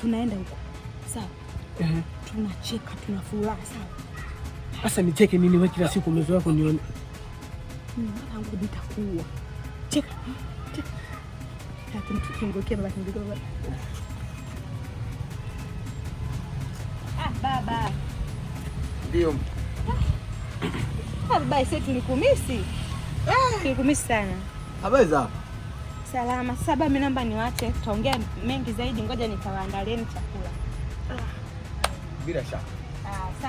tunaenda huko sawa. uh -huh. Tunacheka, tuna furaha sawa. Sasa nicheke nini? Wewe kila siku mezo yako nione mwanangu, hmm, nitakuwa cheka ah, baba ndio ah, baba, sasa tulikumisi, ah, tulikumisi sana. Habari za Salama. Saba mimi namba niwache, tutaongea mengi zaidi, ngoja nikawaandalieni chakula. Bila shaka.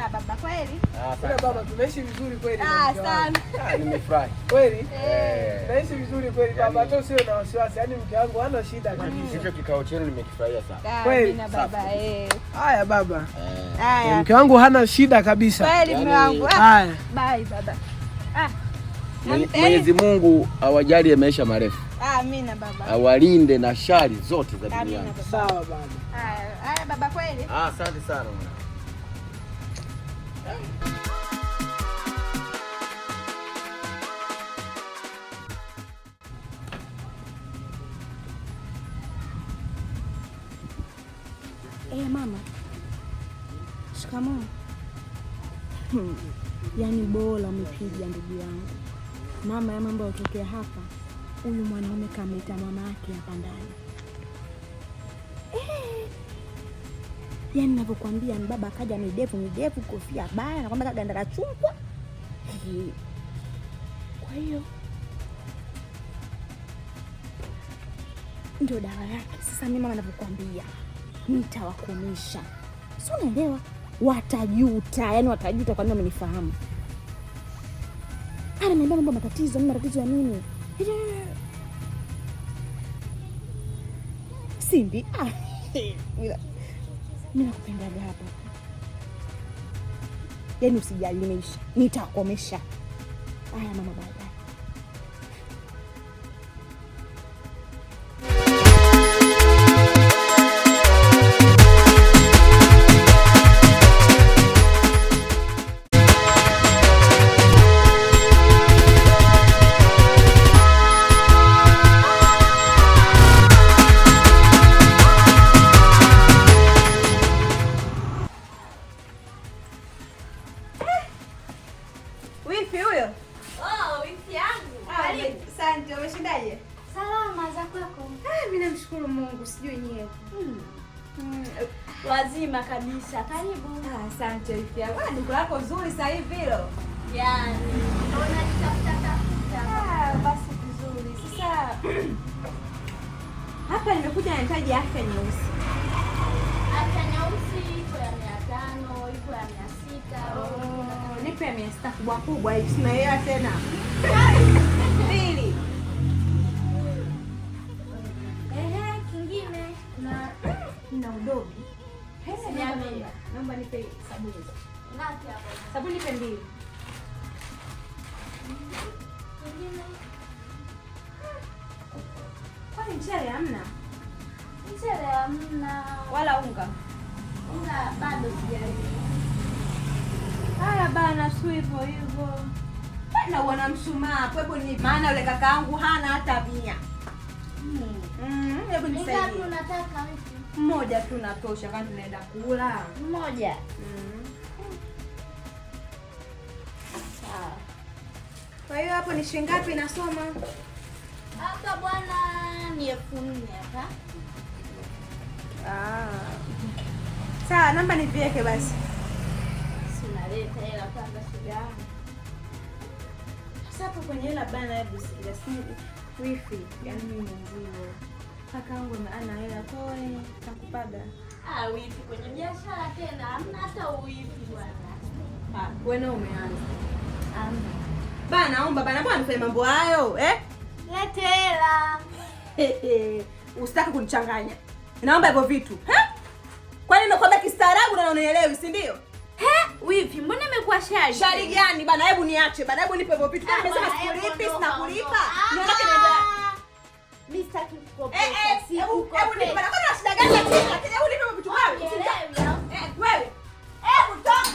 Ah, baba ah, baba tunaishi vizuri kweli. Ah, ah, nimefurahi. Kweli? Eh. Eh. Tunaishi vizuri kweli baba, hata na wasiwasi. Yaani mke wangu hana shida kabisa. Hicho kikao chenu nimekifurahia sana. baba Haya baba. Mke wangu hana shida kabisa. Mwenyezi Mungu awajalie maisha marefu. Amina ah, baba. Awalinde na shari zote za dunia. Amina baba. Sawa baba. Haya baba kweli? Ah, asante sana mwana. Eh, mama. Shikamoo. Hmm. Yaani bora umepiga ndugu yangu. Mama ya mambo yatokea hapa huyu mwanaume kamleta mama yake hapa ndani. Eh, yaani ninavyokuambia ni baba akaja midevu midevu, kofia baya, nakwambia ganda la chungwa. Kwa hiyo ndio dawa yake. Sasa mimi mama, navyokuambia nitawakumisha, si unaelewa? Watajuta, yani watajuta kwa nini wamenifahamu. Ananiambia mambo matatizo, mimi matatizo ya nini? Simbi, mimi nakupendaga hapa, yaani usijali, nimeisha, nitakomesha haya mama baba Asante, umeshindaje? Salama za kwako? Ah, mimi namshukuru Mungu, sijui nyewe. Mm. Mm. Wazima kabisa. Karibu. Ah, asante rafiki yangu. Ah, niko lako nzuri sasa hivi hilo. Yaani, unaona nitafuta tafuta. Ah, basi vizuri. Sasa hapa nimekuja nahitaji afya nyeusi. Afya nyeusi iko ya 500, iko ya 600. Oh, nipe ya 600 kubwa kubwa hivi. Sina hela tena. Mbili. kina udogi. ni Naomba nipe sabuni. Sabuni nipe mbili. Kwani mchele hamna? Mchele hamna. Wala unga. Unga bado sijalima. Haya bana, su hivyo hivyo. Bana wana mshumaa. Hebu ni maana yule kakaangu hana hata mia. Mm. Mm, hebu nisaidie. Nataka moja tu natosha, kwani tunaenda kula moja. Mm. Kwa hiyo hapo ni shilingi ngapi nasoma? Hapa bwana ni elfu nne hapa. Ah. Sawa, namba niviweke basi. Sinaleta hela kwanza shilingi Sasa hapo kwenye hela bana hebu sikia. Wifi, yani, mimi mzima. Kakaangu ana hela kwa hiyo takupaga. Ah, wifi kwenye biashara tena hamna hata wifi bwana. Ah, wewe na umeanza. Amna. Bana naomba bana mbona unasema mambo hayo eh? Lete hela. Usitaki kunichanganya. Naomba hivyo vitu. Eh? Kwani nimekuwa kistaarabu na unaelewi si ndio? He? Wifi, mbona imekuwa shari? Shari gani bana? Hebu niache bana. Hebu nipe hivyo vitu. Ah, nimesema sikulipi, sina sinakulipa. Niondoke nenda. Toka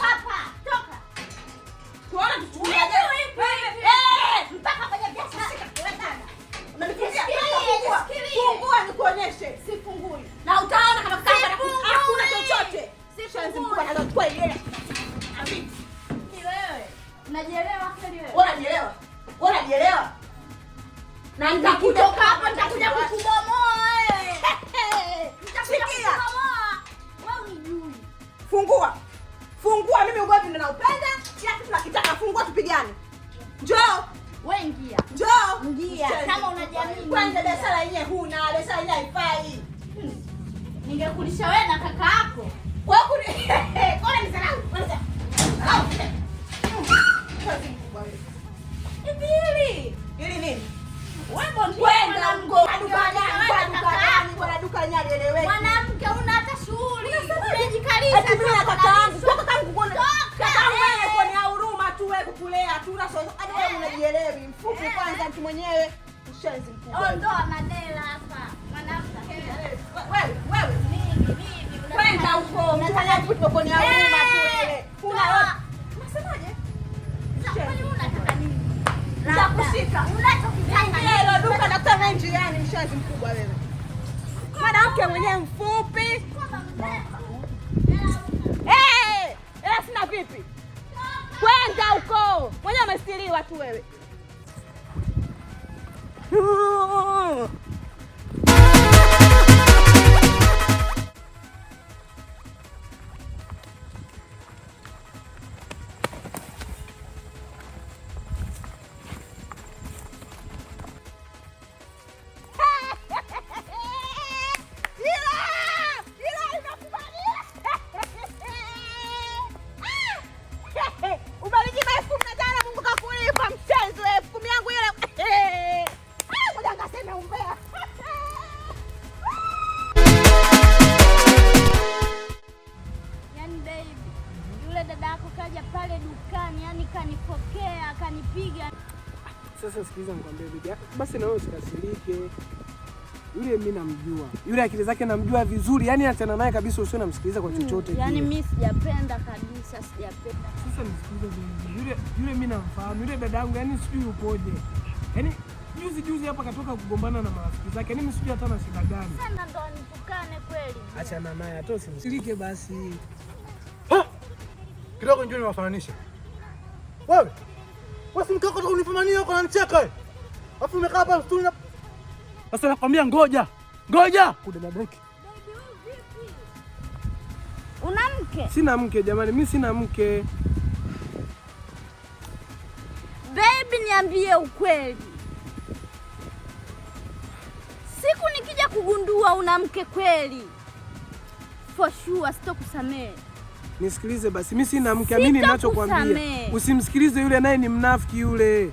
hapa. Toka. Tuona Fungua, mimi ugomvi ndo naupenda. Kila kitu nakitaka, fungua tupigane. Njoo. Wewe ingia. Njoo. Ingia. Kama unajiamini. Kwanza biashara yenyewe huna, biashara yenyewe haifai. Ningekulisha wewe na kaka yako. Wewe kuni. Kona ni sana. Kwanza. Au. Kazi kubwa nini? Wewe mbona kwenda mgo? Duka gani? Duka gani? Kwa duka nyali eleweki. Mwanamke mwenyewe mshenzi mkubwa. Ondoa oh, madela hapa. Wewe, wewe. Mimi, mimi. Kwenda huko mfanya kitu pokoni ya huruma tu wewe. Una unasemaje? Nitakushika. Unachokitaka ndio duka daktari njiani, mshenzi mkubwa wewe. Mwanamke mwenyewe mfupi. Eh, sina vipi? Kwenda huko. Mwenye amestiriwa tu wewe. 으아! 음. akaja pale dukani, yani kanipokea, kanipiga. Sasa sikiliza, nikwambie bibi basi, na wewe usikasirike. Yule mimi namjua, yule akili zake namjua vizuri, yani achana naye kabisa, usio namsikiliza kwa mm, chochote. Hmm, yani mimi sijapenda kabisa, sijapenda. Sasa nisikilize, yule yule mimi namfahamu yule dada yangu, yani sijui ukoje, yani juzi juzi hapa katoka kugombana na marafiki zake, yani mimi sijui hata na shida gani. Sasa ndo anitukane kweli? Achana naye, hata usimsikilike basi kidogo njoo niwafananishe. Wewe wewe, si mkeo kutoka unifumania nanicheka wewe, afu umekaa hapa mstuni na sasa. Nakwambia ngoja ngoja, kuda na breki. Una mke? Sina mke jamani, mimi sina mke. Baby, niambie ukweli, siku nikija kugundua una mke kweli, for sure sitokusamehe nisikilize basi, mi sina mke. Mimi ninachokwambia usimsikilize yule, naye ni mnafiki yule.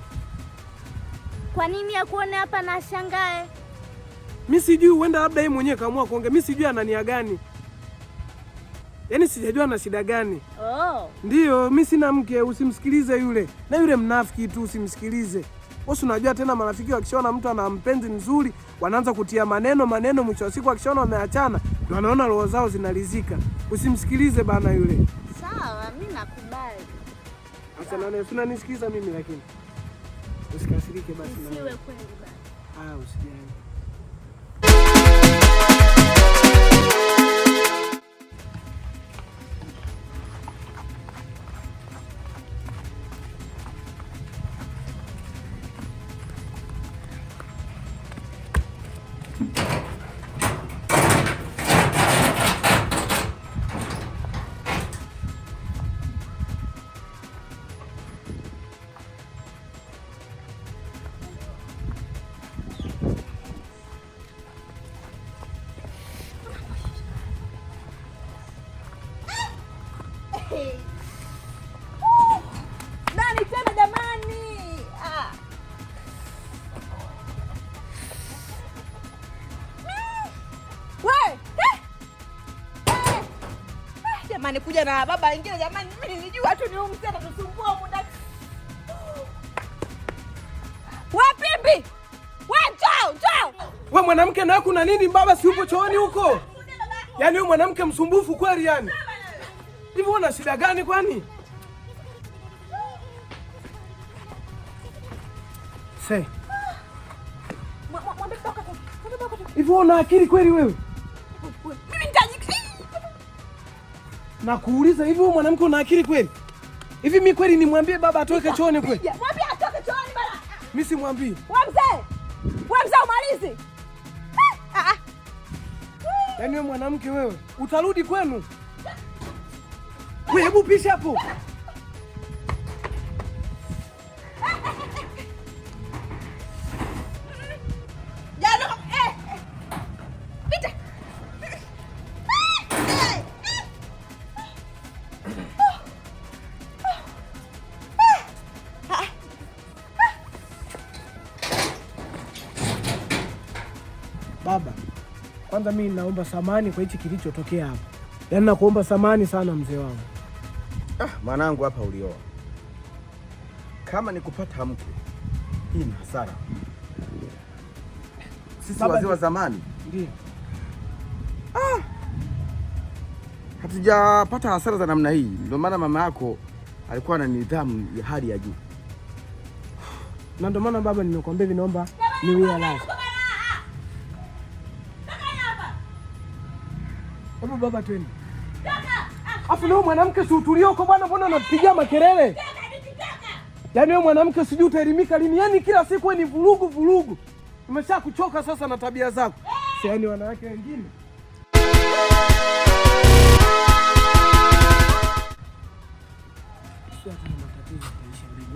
Kwa nini akuone hapa na shangae? Mi sijui, huenda labda yeye mwenyewe kaamua kuongea. Mi sijui ana nia gani, yaani sijajua ana shida gani. Oh. Ndiyo, mi sina mke, usimsikilize yule, na yule mnafiki tu, usimsikilize. Wewe unajua tena marafiki wakishaona mtu ana mpenzi mzuri, wanaanza kutia maneno maneno, mwisho wa siku wakishaona wameachana, ndio wanaona roho zao zinalizika. Usimsikilize bana yule. Sawa, mimi nakubali. Sasa nani unanisikiliza mimi lakini? Usikasirike basi. Usiwe kweli bana. Ah, usijali. anikuja na baba ingine. Jamani, mimi nilijua tu ni umse msichana muda. Wewe pimbi, wewe njoo, njoo. Wewe mwanamke, na kuna nini baba? Si upo chooni huko? Yaani wewe mwanamke msumbufu kweli yani. Hivi una shida gani kwani? Hivi una akili kweli wewe? na kuuliza hivi, wewe mwanamke una akili kweli? Hivi mimi kweli nimwambie baba atoke chooni kweli? Mwambie atoke chooni bana. Mimi simwambie. Wewe mzee. Wewe mzee umalizi. Ah, ah, ah. Yaani wewe mwanamke wewe, utarudi kwenu. Wewe hebu pisha hapo. Kwanza mi naomba samani kwa hichi kilichotokea hapa, yaani nakuomba samani sana mzee wangu. Ah, mwanangu hapa ulioa, kama ni kupata mke, hii ni hasara. Sisi wazee wa zamani ndio ah, hatujapata hasara za namna hii. Ndio maana mama yako alikuwa na nidhamu ya hali ya juu, na ndio maana baba, nimekuambia vinaomba niwialaza Hebu baba twende. Afu leo mwanamke si utulie huko bwana, mbona unapigia makelele? Yaani wewe mwanamke sijui utaelimika lini? Yaani kila siku ni vurugu vurugu. Umesha kuchoka sasa na tabia zako. Si yaani wanawake wengine.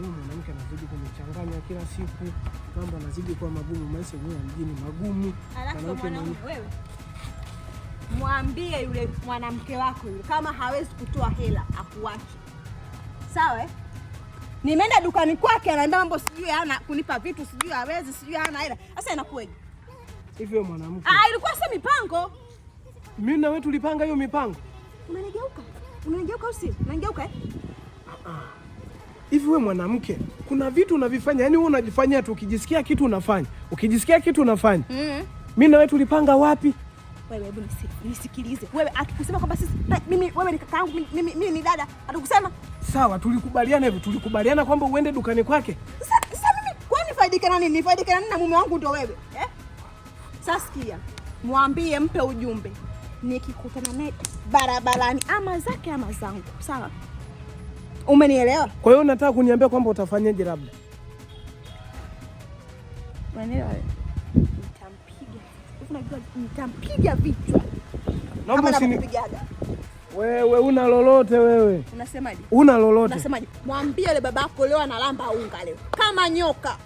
Mwanamke anazidi kunichanganya kila siku, kwamba anazidi kuwa magumu, maisha ya mjini magumu. Mwanamke wewe mwambie yule mwanamke wako yule, kama hawezi kutoa hela akuache. Sawa? Eh? Nimeenda dukani kwake, anaambia mambo sijui ana kunipa vitu sijui hawezi sijui ana hela. Sasa inakuwaje hivyo mwanamke? Ah, ilikuwa sasa mipango. Mimi na wewe tulipanga hiyo mipango. Unanigeuka, unanigeuka au si unanigeuka eh? Ah, ah. Hivi wewe mwanamke, kuna vitu unavifanya, yani wewe unajifanyia tu, ukijisikia kitu unafanya, ukijisikia kitu unafanya. Mimi Mm -hmm. na wewe tulipanga wapi? Wewe hebu nisikilize. Wewe atukusema kwamba sisi mimi wewe ni kakaangu mimi, mimi ni dada. Atukusema? Sawa, tulikubaliana hivyo. Tulikubaliana kwamba uende dukani kwake. Sasa sasa mimi kwa nifaidike na nini? Nifaidike na nini na mume wangu ndo wewe? Eh? Sasa sikia. Mwambie mpe ujumbe. Nikikutana naye barabarani ama zake ama zangu. Sawa? Umenielewa? Kwa hiyo nataka kuniambia kwamba utafanyaje labda. Umenielewa? alafu najua nitampiga vichwa kama nakupigaga wewe. Una lolote wewe? Unasemaje? Una lolote? Unasemaje? Mwambie yule babako leo analamba unga leo kama nyoka.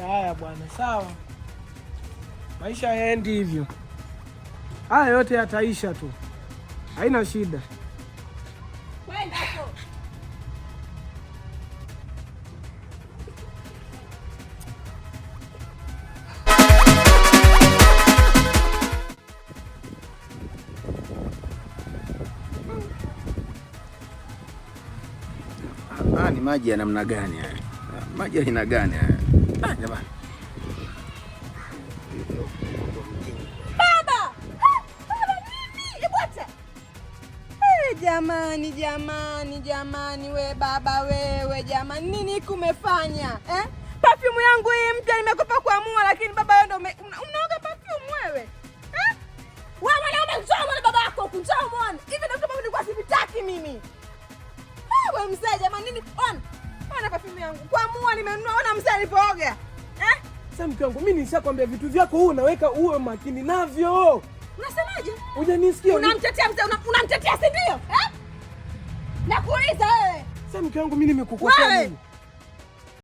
Haya bwana, sawa, maisha yaendi hivyo, haya yote yataisha tu, haina shida. Ah, ni maji ya namna gani haya? Ah, maji ya aina gani haya? Ah, jamani. Baba! Baba vipi? Ebwata. Eh, jamani, jamani, jamani we baba wewe jamani nini kumefanya? Eh? Perfume yangu hii mpya nimekupa mua lakini baba wewe ndio kama nini? On. Ona perfume yangu. Kwa mua nimenunua, ona mzee alipooga. Eh? Sasa mke wangu, mimi nishakwambia vitu vyako wewe unaweka uwe makini navyo. Unasemaje? Unanisikia? Unamtetea mzee, unamtetea si ndio? Eh? Nakuuliza wewe. Sasa mke wangu, mimi nimekukosea nini?